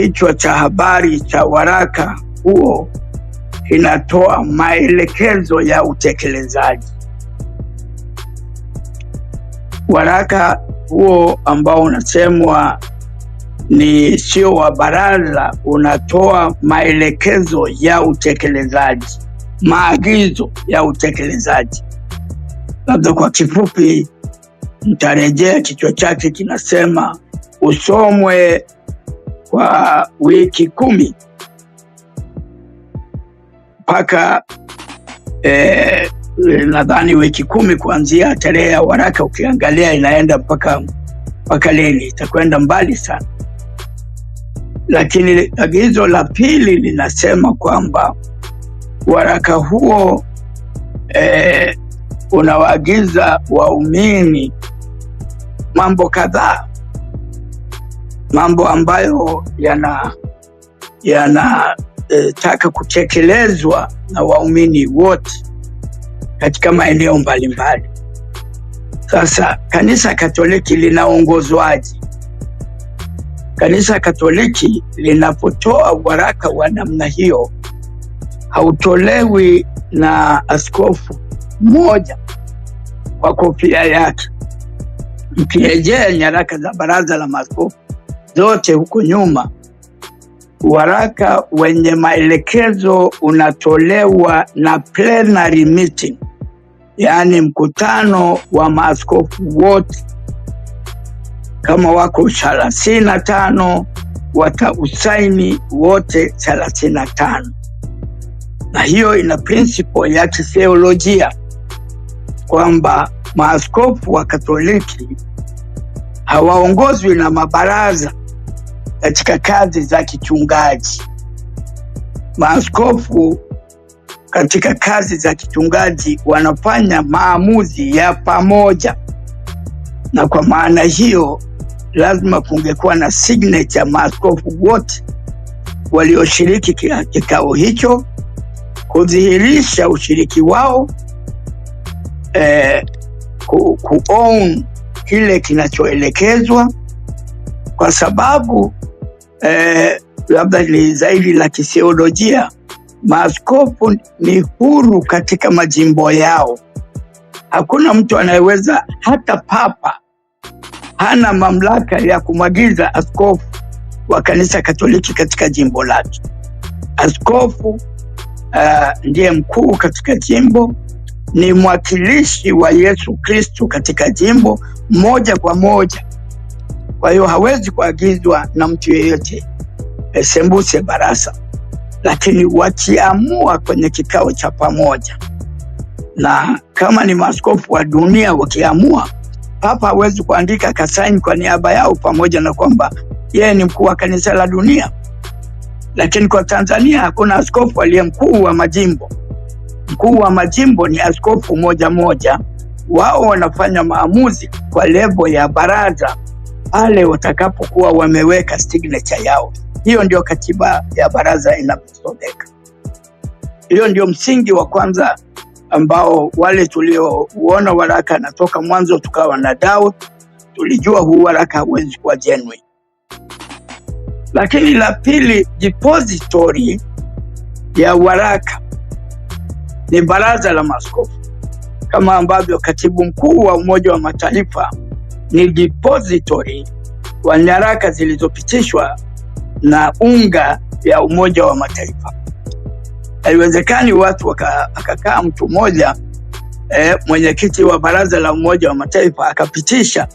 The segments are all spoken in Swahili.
Kichwa cha habari cha waraka huo kinatoa maelekezo ya utekelezaji. Waraka huo ambao unasemwa ni sio wa baraza, unatoa maelekezo ya utekelezaji, maagizo ya utekelezaji. Labda kwa kifupi, mtarejea kichwa chake kinasema usomwe kwa wiki kumi mpaka eh, nadhani wiki kumi kuanzia tarehe ya waraka. Ukiangalia inaenda mpaka mpaka lini, itakwenda mbali sana. Lakini agizo la pili linasema kwamba waraka huo eh, unawaagiza waumini mambo kadhaa mambo ambayo yana yanataka eh, e, kutekelezwa na waumini wote katika maeneo mbalimbali. Sasa kanisa Katoliki linaongozwaji Kanisa Katoliki linapotoa waraka wa namna hiyo hautolewi na askofu mmoja kwa kofia yake. Mkirejea nyaraka za Baraza la maskofu zote huko nyuma, waraka wenye maelekezo unatolewa na plenary meeting, yaani mkutano wa maaskofu wote kama wako 35 watausaini wote 35, na hiyo ina principle ya kitheolojia kwamba maaskofu wa Katoliki hawaongozwi na mabaraza katika kazi za kichungaji. Maaskofu katika kazi za kichungaji wanafanya maamuzi ya pamoja, na kwa maana hiyo lazima kungekuwa na signature maaskofu wote walioshiriki kikao hicho kudhihirisha ushiriki wao eh, ku, ku own kile kinachoelekezwa kwa sababu eh, labda ni zaidi la kisiolojia, maaskofu ni huru katika majimbo yao. Hakuna mtu anayeweza, hata papa hana mamlaka ya kumwagiza askofu wa kanisa Katoliki katika jimbo lake. Askofu uh, ndiye mkuu katika jimbo, ni mwakilishi wa Yesu Kristo katika jimbo moja kwa moja kwa hiyo hawezi kuagizwa na mtu yeyote e, sembuse barasa, lakini wakiamua kwenye kikao cha pamoja, na kama ni maaskofu wa dunia wakiamua, papa hawezi kuandika kasaini kwa niaba yao, pamoja na kwamba yeye ni mkuu wa kanisa la dunia. Lakini kwa Tanzania hakuna askofu aliye mkuu wa majimbo. Mkuu wa majimbo ni askofu moja moja, wao wanafanya maamuzi kwa lebo ya baraza pale watakapokuwa wameweka signature yao. Hiyo ndio katiba ya baraza inavyosomeka. Hiyo ndio msingi wa kwanza ambao wale tuliouona waraka na toka mwanzo tukawa na doubt, tulijua huu waraka hauwezi kuwa genuine. Lakini la pili, depository ya waraka ni baraza la maaskofu, kama ambavyo katibu mkuu wa Umoja wa Mataifa ni depository wa nyaraka zilizopitishwa na unga ya Umoja wa Mataifa. Haiwezekani watu akakaa mtu mmoja eh, mwenyekiti wa baraza la Umoja wa Mataifa akapitisha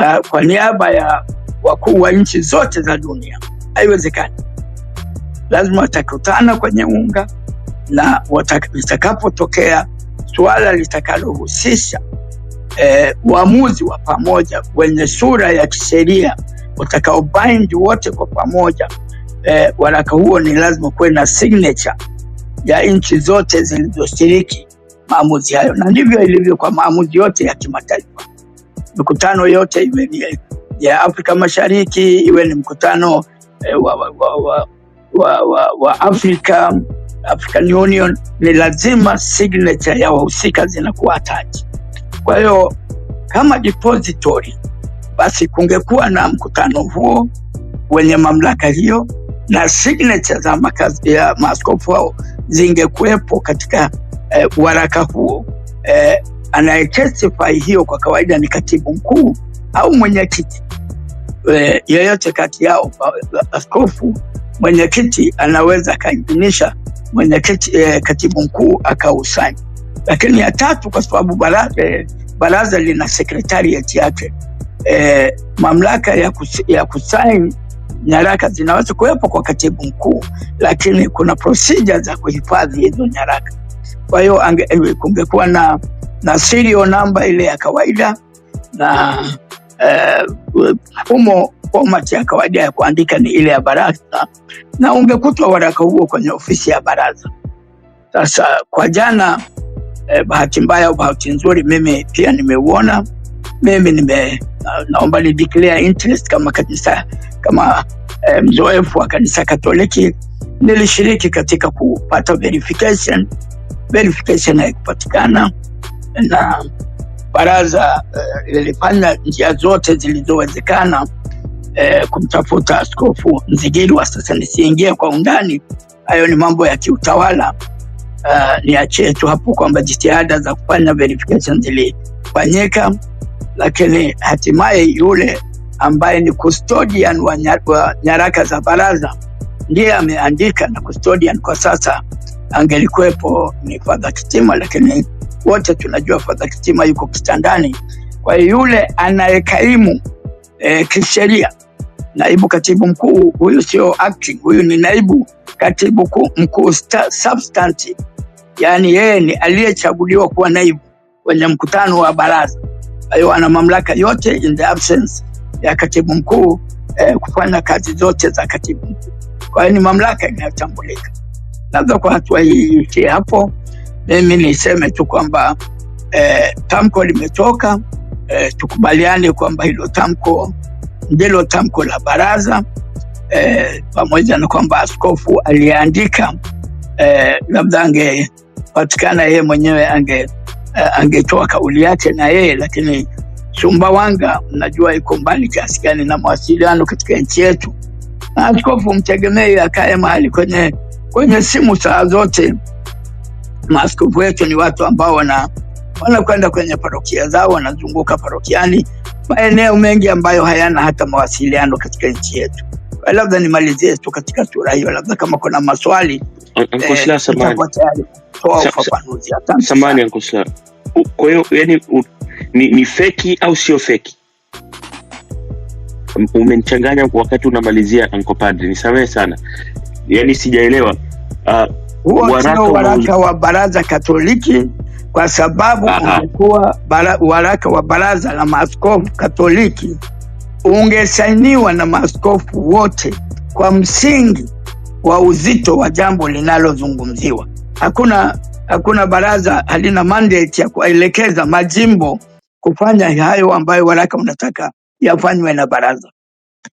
uh, kwa niaba ya wakuu wa nchi zote za dunia. Haiwezekani, lazima watakutana kwenye unga na watak, litakapotokea suala litakalohusisha eh, uamuzi wa pamoja wenye sura ya kisheria utakaobind wote kwa pamoja. Eh, waraka huo ni lazima kuwe na signature ya nchi zote zilizoshiriki maamuzi hayo, na ndivyo ilivyo kwa maamuzi yote ya kimataifa. Mikutano yote iwe ni ya Afrika Mashariki, iwe ni mkutano eh, wa, wa, wa, wa, wa, wa Afrika, African Union, ni lazima signature ya wahusika zinakuwa taji kwa hiyo kama depository, basi kungekuwa na mkutano huo wenye mamlaka hiyo na signature za makazi ya maaskofu hao zingekuwepo katika eh, waraka huo eh, anayetestify hiyo kwa kawaida ni katibu mkuu au mwenyekiti eh, yeyote kati yao. Askofu mwenyekiti anaweza akaidhinisha mwenyekiti, eh, katibu mkuu akausaini lakini ya tatu, kwa sababu e, baraza lina sekretariati yake e, mamlaka ya, kus, ya kusaini nyaraka zinaweza kuwepo kwa katibu mkuu, lakini kuna procedure za kuhifadhi hizo nyaraka. Kwa hiyo e, kungekuwa na, na serial namba ile ya kawaida na e, humo format ya kawaida ya kuandika ni ile ya baraza, na ungekutwa waraka huo kwenye ofisi ya baraza. Sasa kwa jana eh, bahati mbaya au bahati nzuri, mimi pia nimeuona. Mimi nime naomba ni declare interest kama kanisa kama eh, mzoefu wa kanisa Katoliki nilishiriki katika kupata verification. Verification haikupatikana na baraza eh, lilifanya njia zote zilizowezekana eh, kumtafuta askofu Mzigiri wa sasa. Nisiingie kwa undani, hayo ni mambo ya kiutawala uh, eh, niachie tu hapo kwamba jitihada za kufanya verification zilifanyika, lakini hatimaye yule ambaye ni custodian wa, nyar wa nyaraka za baraza ndiye ameandika na custodian kwa sasa angelikuwepo ni Fadha Kitima, lakini wote tunajua Father Kitima yuko kitandani. Kwa hiyo yule anayekaimu e, kisheria naibu katibu mkuu huyu, sio acting, huyu ni naibu katibu mkuu substantive yaani yeye ni aliyechaguliwa kuwa naibu kwenye mkutano wa baraza. Kwa hiyo ana mamlaka yote in the absence ya katibu mkuu eh, kufanya kazi zote za katibu mkuu. Kwa hiyo ni mamlaka inayotambulika. Labda kwa hatua hii iishie hapo. Mimi niseme tu kwamba eh, tamko limetoka. Eh, tukubaliane kwamba hilo tamko ndilo tamko la baraza eh, pamoja eh, na kwamba askofu aliandika eh, labda ange patikana yeye mwenyewe ange, uh, angetoa kauli yake na yeye lakini Sumbawanga mnajua iko mbali kiasi gani na mawasiliano katika nchi yetu, na askofu mtegemee akae mahali kwenye, kwenye simu saa zote. Maaskofu wetu ni watu ambao wana wanakwenda kwenye parokia zao, wanazunguka parokiani maeneo mengi ambayo hayana hata mawasiliano katika nchi yetu. Labda nimalizie tu katika sura hiyo, labda kama kuna maswali eh, tayari toa ufafanuzi. Samahani kwa hiyo yani ni, ni feki au sio feki? Um, umenchanganya wakati unamalizia ankopadri padri, nisamehe sana, yani sijaelewa uh, waraka wa Baraza Katoliki kwa sababu umekuwa waraka wa Baraza la Maaskofu Katoliki ungesainiwa na maaskofu wote kwa msingi wa uzito wa jambo linalozungumziwa hakuna hakuna baraza halina mandate ya kuelekeza majimbo kufanya hayo ambayo waraka unataka yafanywe na baraza.